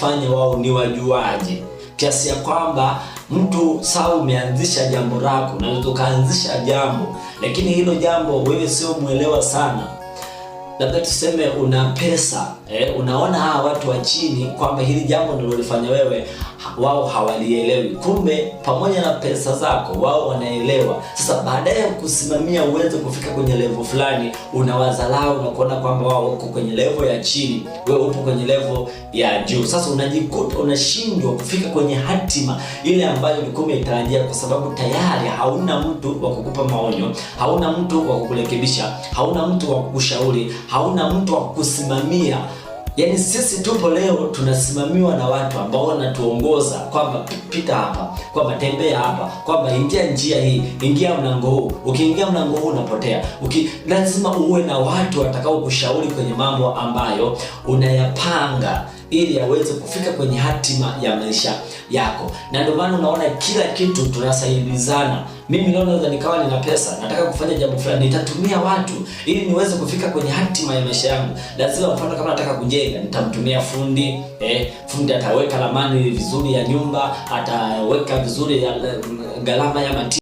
kufanya wao ni wajuaje kiasi ya kwamba mtu saa umeanzisha jambo lako, unaweza ukaanzisha jambo lakini hilo jambo wewe sio mwelewa sana, labda tuseme una pesa eh, unaona hawa watu wa chini kwamba hili jambo ndilolifanya wewe wao hawalielewi, kumbe pamoja na pesa zako wao wanaelewa. Sasa ya kusimamia uweze kufika kwenye level fulani, unawazalau na kuona kwamba wao uko kwenye level ya chini, wewe upo kwenye level ya juu. Sasa unajikuta unashindwa kufika kwenye hatima ile ambayo ulikuwa umeitarajia, kwa sababu tayari hauna mtu wa kukupa maonyo, hauna mtu wa kukurekebisha, hauna mtu wa kukushauri, hauna mtu wa kukusimamia. Yaani sisi tupo leo tunasimamiwa na watu ambao wanatuongoza kwamba pita hapa, kwamba tembea hapa, kwamba ingia njia hii, ingia mlango huu. Ukiingia mlango huu unapotea. Uki, lazima uwe na watu watakao kushauri kwenye mambo ambayo unayapanga ili aweze kufika kwenye hatima ya maisha yako. Na ndio maana unaona kila kitu tunasaidizana. Mimi leo naweza nikawa nina pesa, nataka kufanya jambo fulani, nitatumia watu ili niweze kufika kwenye hatima ya maisha yangu. Lazima mfano, kama nataka kujenga, nitamtumia fundi eh, fundi ataweka ramani vizuri ya nyumba, ataweka vizuri ya eh, gharama ya mati